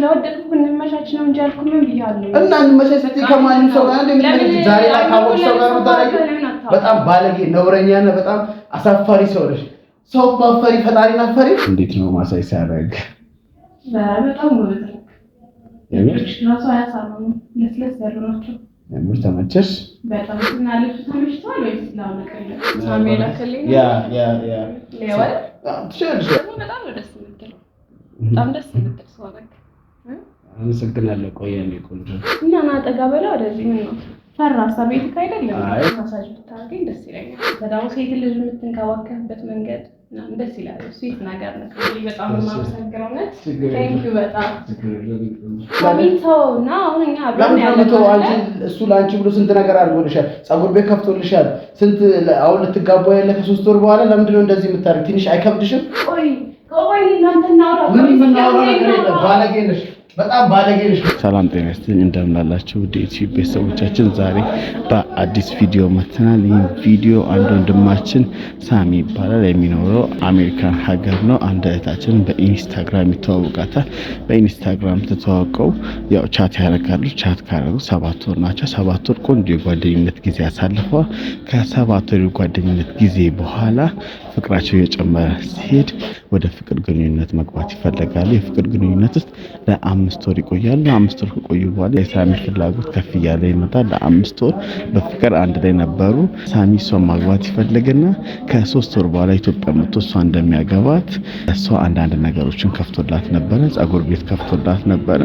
ስለወደድኩ እንመቻች ነው እንጂ አልኩህም ብያለሁ። እና እንመቻቸት ከማንም ሰው ጋር ዛሬ ላይ ካወቅ ሰው ጋር በጣም ባለጌ ነውረኛ ነህ። በጣም አሳፋሪ ሰው ነሽ። ሰው ባፈሪ ፈጣሪን አፈሪ። እንዴት ነው ማሳይ ሲያደርግ የምር ተመቸሽ? በጣም ደስ የምትለው አመሰግናለሁ። ቆይ የእኔ ቆንጆ እና ና ጠጋ በለው ወደዚህ። ምን ነው ፈራሳ ቤት ካይደለም ማሳጅ ብታደርገኝ ደስ ይለኛል። በጣም ሴት ልጅ የምትንከባከብበት መንገድ ደስ ይላል። እሱ ነገር ነው? በጣም የማመሰግነው ነት ቴንኪው። በጣም ከሚተው እና አሁን እኛ ብለን ያለነው እሱ ለአንቺ ብሎ ስንት ነገር አድርጎልሻል። ጸጉር ቤት ከፍቶልሻል። ስንት አሁን ልትጋባ ያለ ከሶስት ወር በኋላ ለምንድን ነው እንደዚህ የምታደርግ? ትንሽ አይከብድሽም? ቆይ ቆይ እናንተ እናውራ። ምንም እናውራ ነገር የለም። ባለጌ ነሽ ሰላም ጤና ይስጥልኝ፣ እንደምናላችሁ ውድ ዩቲዩብ ቤተሰቦቻችን፣ ዛሬ በአዲስ ቪዲዮ መጥተናል። ይህ ቪዲዮ አንድ ወንድማችን ሳሚ ይባላል። የሚኖረው አሜሪካን ሀገር ነው። አንድ እህታችን በኢንስታግራም ይተዋወቃታል። በኢንስታግራም ተተዋውቀው ያው ቻት ያደርጋሉ። ቻት ካደረጉ ሰባት ወር ናቸው። ሰባት ወር ቆንጆ የጓደኝነት ጊዜ አሳልፈዋል። ከሰባት ወር የጓደኝነት ጊዜ በኋላ ፍቅራቸው እየጨመረ ሲሄድ ወደ ፍቅር ግንኙነት መግባት ይፈለጋሉ። የፍቅር ግንኙነት ውስጥ ለአምስት ወር ይቆያሉ። ለአምስት ወር ከቆዩ በኋላ የሳሚ ፍላጎት ከፍ እያለ ይመጣል። ለአምስት ወር በፍቅር አንድ ላይ ነበሩ። ሳሚ እሷን ማግባት ይፈልግና ከሶስት ወር በኋላ ኢትዮጵያ መጥቶ እሷ እንደሚያገባት እሷ አንዳንድ ነገሮችን ከፍቶላት ነበረ፣ ጸጉር ቤት ከፍቶላት ነበረ።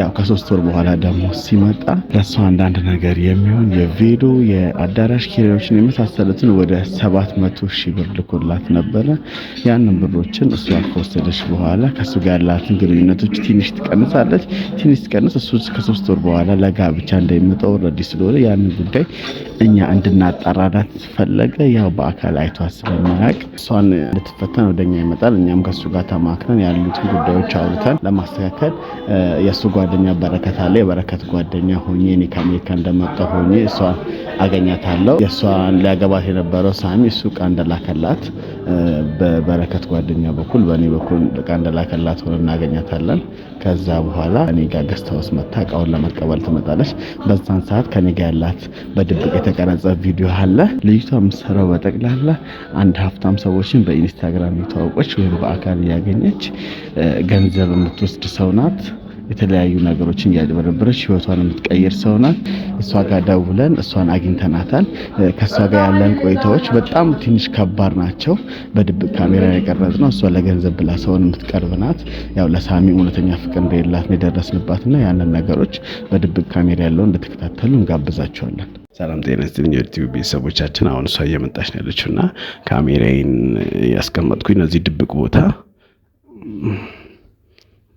ያው ከሶስት ወር በኋላ ደግሞ ሲመጣ ለእሷ አንዳንድ ነገር የሚሆን የቬሎ የአዳራሽ ኪራዮችን የመሳሰሉትን ወደ ሰባት መቶ ሺህ ብር ልኮላት ሰዓት ነበረ። ያንን ብሮችን እሷ ከወሰደች በኋላ ከእሱ ጋር ያላትን ግንኙነቶች ትንሽ ትቀንሳለች። ትንሽ ትቀንስ እሱ ከሶስት ወር በኋላ ለጋብቻ እንደሚመጣ ረዲ ስለሆነ ያንን ጉዳይ እኛ እንድናጣራላት ፈለገ። ያው በአካል አይቷ ስለማያውቅ እሷን ልትፈተን ወደኛ ይመጣል። እኛም ከእሱ ጋር ተማክረን ያሉትን ጉዳዮች አውርተን ለማስተካከል የእሱ ጓደኛ በረከት አለ የበረከት ጓደኛ ሆኜ እኔ ከአሜሪካ እንደመጣ ሆኜ እሷ አገኛታለሁ። የእሷን ሊያገባት የነበረው ሳሚ እሱ ቃ እንደላከላት በበረከት ጓደኛ በኩል በእኔ በኩል ዕቃ እንደላከላት ሆነ እናገኛታለን። ከዛ በኋላ እኔ ጋር ገስተውስ መታ እቃውን ለመቀበል ትመጣለች። በዛን ሰዓት ከኔ ጋር ያላት በድብቅ የተቀረጸ ቪዲዮ አለ። ልጅቷ የምትሰራው በጠቅላላ አንድ ሀብታም ሰዎችን በኢንስታግራም የተዋወቀች ወይም በአካል እያገኘች ገንዘብ የምትወስድ ሰው ናት። የተለያዩ ነገሮችን እያጭበረበረች ህይወቷን የምትቀይር ሰው ናት። እሷ ጋር ደውለን እሷን አግኝተናታል። ከእሷ ጋር ያለን ቆይታዎች በጣም ትንሽ ከባድ ናቸው። በድብቅ ካሜራ የቀረጽ ነው። እሷ ለገንዘብ ብላ ሰውን የምትቀርብ ናት። ያው ለሳሚ እውነተኛ ፍቅር እንደሌላት የደረስንባትና ያንን ነገሮች በድብቅ ካሜራ ያለው እንደተከታተሉ እንጋብዛቸዋለን። ሰላም ጤና ይስጥልኝ የዩቲዩብ ቤተሰቦቻችን። አሁን እሷ እየመጣች ነው ያለችው እና ካሜራዬን ያስቀመጥኩኝ እነዚህ ድብቅ ቦታ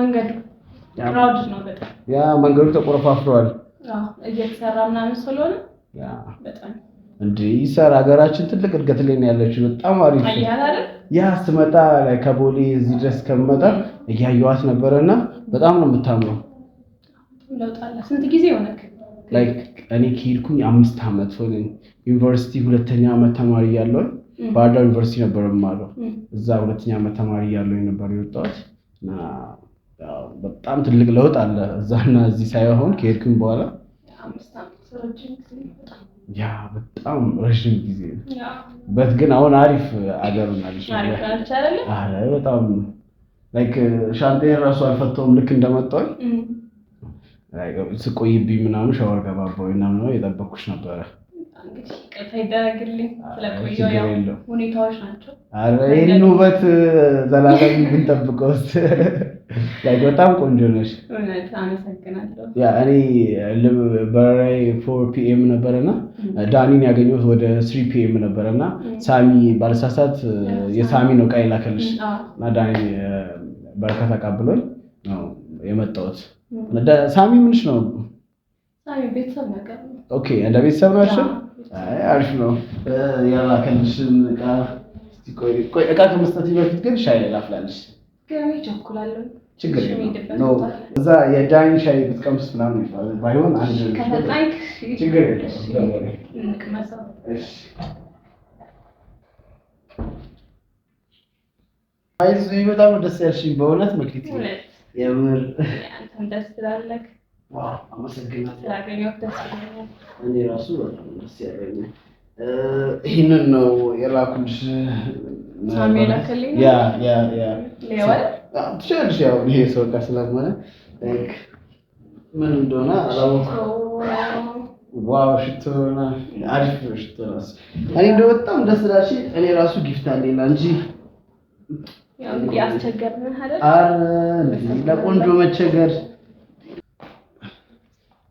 መንገዱ ነው በጣም ያ መንገዱ ተቆረፋፍሯል። እየተሰራ ምናምን ስለሆነ ሀገራችን ትልቅ እድገት ላይ ነው ያለችው። በጣም አሪፍ ያ ስትመጣ ከቦሌ እዚህ ድረስ ከመጣ እያየኋት ነበረና በጣም ነው የምታምረው። ስንት ጊዜ ሆነክ? ላይክ እኔ ከሄድኩኝ አምስት ዓመት ሆነኝ። ዩኒቨርሲቲ ሁለተኛ ዓመት ተማሪ እያለሁኝ ባህርዳር ዩኒቨርሲቲ ነበር የማለው። እዛ ሁለተኛ ዓመት ተማሪ እያለሁኝ ነበር የወጣሁት እና በጣም ትልቅ ለውጥ አለ እዛና እዚህ ሳይሆን ከሄድክም በኋላ ያ በጣም ረዥም ጊዜ በት ግን አሁን አሪፍ አገር በጣም ላይክ ሻንጤን ራሱ አልፈተውም። ልክ እንደመጣሁኝ ስቆይብኝ ምናምን ሻወር ገባባዊ ምናምን የጠበኩሽ ነበረ እንግዲህ ይቅርታ ይደረግልኝ ስለቆየው ሁኔታዎች ናቸው። ይህን ውበት ዘላለም ብንጠብቀው ላይ በጣም ቆንጆ ነሽ። እውነት እኔ በረራዬ ፎር ፒኤም ነበረና ዳኒን ያገኘሁት ወደ ስሪ ፒኤም ነበረና ሳሚ ባለሳሳት የሳሚ ነው ቃይ ላከልሽ እና ዳኒ በረከት አቃብሎኝ ነው የመጣሁት። ሳሚ ምንሽ ነው? ቤተሰብ ነገር ኦኬ፣ እንደ ቤተሰብ ናቸው። አሪፍ ነው። ያላከልሽን እቃ እቃ ከመስጠት በፊት ግን ሻይ ላፍላለሽ። ችግር የለም እዛ የዳኝ ሻይ ብትቀምስ ምናምን ይባላል። ባይሆን አንድ ችግር የለም። አይ በጣም ደስ ያልሽኝ በእውነት መክሊት የምር እኔ ራሱ በጣም ደስ ያለኝ ይህንን ነው የላኩልሽ። ትችላለሽ ያው ይሄ ሰው ጋር ምን እንደሆነ ዋው ሽቶ አሪፍ ሽቶ ራሱ እኔ እንደው በጣም ደስ ላሽ። እኔ ራሱ ጊፍት አለኝ እንጂ ለቆንጆ መቸገር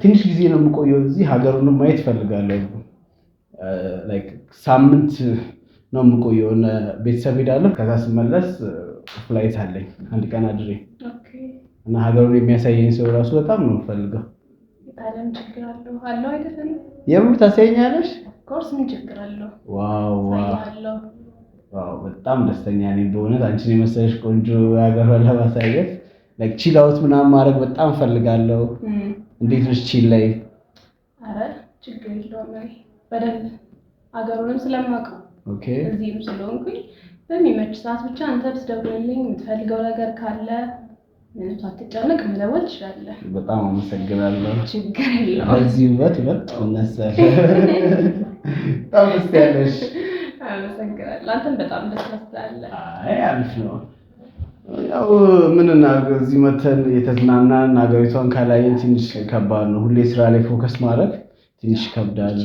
ትንሽ ጊዜ ነው የምቆየው እዚህ። ሀገሩንም ማየት እፈልጋለሁ። ሳምንት ነው የምቆየው። ቤተሰብ ሄዳለሁ። ከዛ ስመለስ ፍላይት አለኝ አንድ ቀን አድሬ እና ሀገሩን የሚያሳየኝ ሰው ራሱ በጣም ነው የምፈልገው። የምር ታሳየኛለሽ? በጣም ደስተኛ ነኝ በእውነት አንቺን የመሰለሽ ቆንጆ ሀገር ለማሳየት ቺላውት ምናምን ማድረግ በጣም እፈልጋለሁ። እንዴት ነሽ? ቺል ላይ አረ ችግር የለውም። እኔ በደንብ አገሩንም ስለማውቀው ኦኬ፣ እዚህም ስለሆንኩኝ በሚመች ሰዓት ብቻ አንተ ብትደውልልኝ የምትፈልገው ነገር ካለ ምንም ሳትጨነቅ መደወል ትችላለህ። በጣም አመሰግናለሁ። ችግር የለውም። በዚህ ውበት ይበልጥ ይነሳል። በጣም ደስ ያለሽ። አመሰግናለሁ። አንተም በጣም ደስ ያለ። አይ አሪፍ ነው። ያው ምን እዚህ መተን የተዝናናን ሀገሪቷን ካላየን ትንሽ ከባድ ነው። ሁሌ ስራ ላይ ፎከስ ማድረግ ትንሽ ከብዳለ።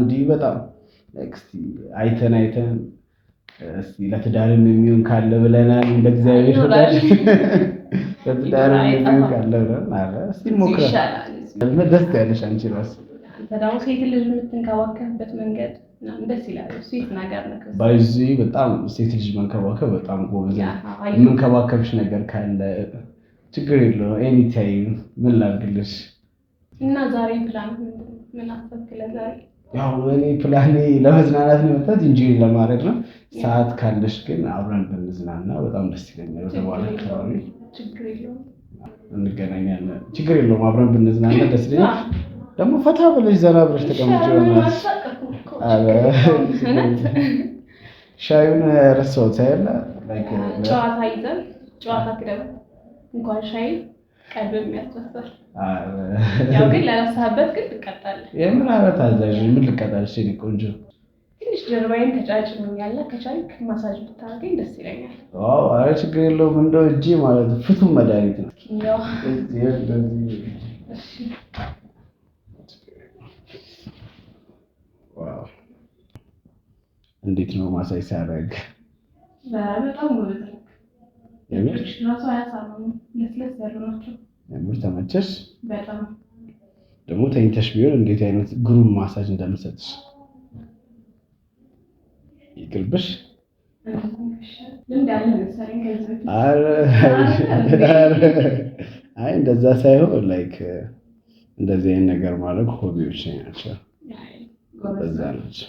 እንዲህ በጣም አይተን አይተን ለትዳርም የሚሆን ካለ ብለናል። እንደ እግዚአብሔር ፈቃድ ለትዳርም የሚሆን ካለ ብለን እስኪ ሞክረን ደስ ያለሽ አንቺ እራሱ አንተ ሴት ልጅ የምትንከባከብበት መንገድ ደስ ይላል። ሴት ነገር ባይዚህ በጣም ሴት ልጅ መንከባከብ በጣም ጎበዝ። የምንከባከብሽ ነገር ካለ ችግር የለውም። ኤኒታይም ምን ላድርግልሽ? እና ዛሬ ፕላን ምን አሰብክ ለዛሬ? ያው እኔ ፕላኔ ለመዝናናት ነው የመጣሁት እንጂ ለማድረግ ነው። ሰዓት ካለሽ ግን አብረን ብንዝናና በጣም ደስ ይለኛል። ወደ በኋላ አካባቢ እንገናኛለን። ችግር የለውም። አብረን ብንዝናና ደስ ይለኛል። ደግሞ ፈታ ብለሽ ዘና ብለሽ ተቀምጪ። ሻዩን ረሳሁት አይደለ? Uh, ጨዋታ ይዘን ጨዋታ ክደም እንኳን ሻይ ቀልብም ያስፈሳል። ያው ግን ላነሳህበት ግን ትቀጣለህ። የምን አይነት አዛዥ ምን ልቀጣል? እሺ ቆንጆ ትንሽ ጀርባዬን ከቻልክ ማሳጅ ብታደርገኝ ደስ ይለኛል። አረ ችግር የለውም። እንደው እጅ ማለት ፍቱን መድኃኒት ነው። እንዴት ነው ማሳጅ ሲያደርግ? የምር ተመቸሽ? በጣም ደግሞ ተኝተሽ ቢሆን እንዴት አይነት ግሩም ማሳጅ እንደምሰጥሽ ይቅርብሽ። አይ እንደዛ ሳይሆን ላይክ እንደዚህ አይነት ነገር ማድረግ ሆቢዎች ናቸው፣ በዛ ናቸው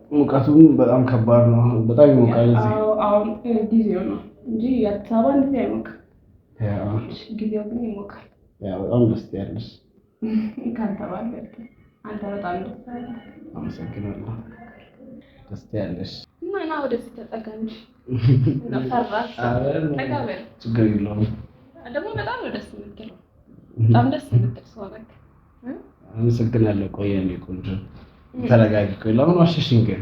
ሙቀቱም በጣም ከባድ ነው። በጣም ይሞቃል። አሁን ጊዜው ነው እንጂ አዲስ አበባ እንደዚህ አይሞቅም። ጊዜው ግን ይሞቃል። በጣም ደስ ያለሽ ካልተባለ አንተ በጣም ደስ ያለ አመሰግናለሁ። ደስ ያለሽ እና ና ወደዚህ ተጠጋ እንጂ ችግር የለውም። ደግሞ በጣም ነው ደስ የምትለው። በጣም ደስ የምትል ሰው ነህ። አመሰግናለሁ። ቆየን ቆንጆ ተረጋግኩ። ለምን ዋሸሽኝ ግን?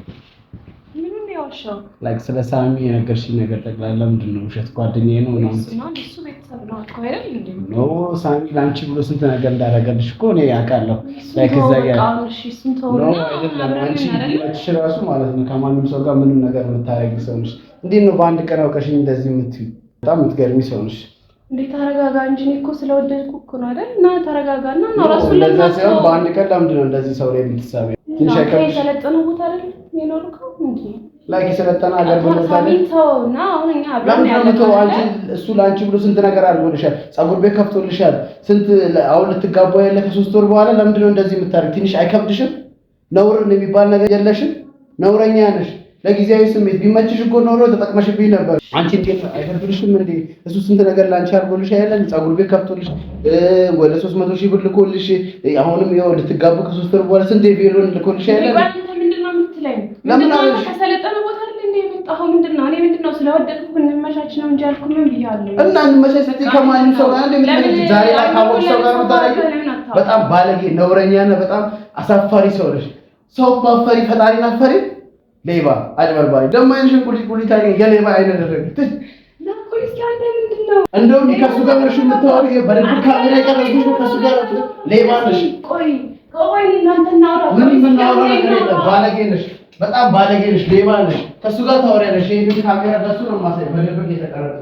ላይክ ስለ ሳሚ የነገርሽኝ ነገር ጠቅላላ ለምንድን ነው? ውሸት ጓደኛዬ ነው ነው ኖ ሳሚ ለአንቺ ብሎ ስንት ነገር እንዳደረገልሽ እኮ እኔ ያውቃለሁ። ላይክ እዛ ጋር አንቺ ራሱ ማለት ነው ከማንም ሰው ጋር ምንም ነገር የምታረጊ ሰው ነሽ። እንዴት ነው በአንድ ቀን አውቀሽኝ እንደዚህ የምትዩ? በጣም የምትገርሚ ሰው ነሽ። እንዴት ተረጋጋ እንጂ እኔ እኮ ስለወደድኩ እኮ ነው አይደል? እና ተረጋጋ እና ነው ራሱን ለዛ ሲሆን በአንድ ቀን ለምንድን ነው እንደዚህ ሰው ላይ የምትሳበ ትንሽ አይከብድሽ? የሰለጠነ ቦታ አይደል የኖርከው? እንዴ ላኪ የሰለጠነ አገር እሱ ለአንቺ ብሎ ስንት ነገር አድርጎልሻል። ፀጉር ቤት ከፍቶልሻል። ስንት አሁን ልትጋባ ያለ ከሶስት ወር በኋላ ለምንድነው እንደዚህ የምታደርግ? ትንሽ አይከብድሽም? ነውር የሚባል ነገር የለሽም? ነውረኛ ነሽ። ለጊዜያዊ ስሜት ቢመችሽ እኮ ኖሮ ተጠቅመሽብኝ ነበር። አንቺ እንዴት አይፈርድልሽም እንዴ? እሱ ስንት ነገር ለአንቺ አድርጎልሽ አያለን። ፀጉር ቤት ከፍቶልሽ ወደ ሶስት መቶ ሺህ ብር ልኮልሽ፣ አሁንም ይኸው ልትጋቡ ከሶስት ወር በኋላ ስንት ቬሎን ልኮልሽ አይደለም? ነው እና ከማንም ሰው ጋር ዛሬ ላይ ሰው ጋር በጣም ባለጌ ነውረኛና በጣም አሳፋሪ ሰው ነሽ። ሰው ማፈሪ ፈጣሪ ናፈሪ ሌባ አጭበርባሪ ደግሞ አይንሽን ጉሊት ጉሊት አይነ የሌባ አይነ ደረግሽ እንደውም ከሱ ጋር ነሽ የምታወሪ በደንብ ካሜራ የቀረብሽ ከሱ ጋር ሌባ ነሽ። ምን የምናወራ ነገር ቆይ ባለጌ ነሽ፣ በጣም ባለጌ ነሽ፣ ሌባ ነሽ። ከሱ ጋር ታወሪያለሽ። ይሄን ካሜራ ደሱ ነው ማሳይ በደንብ የተቀረጸ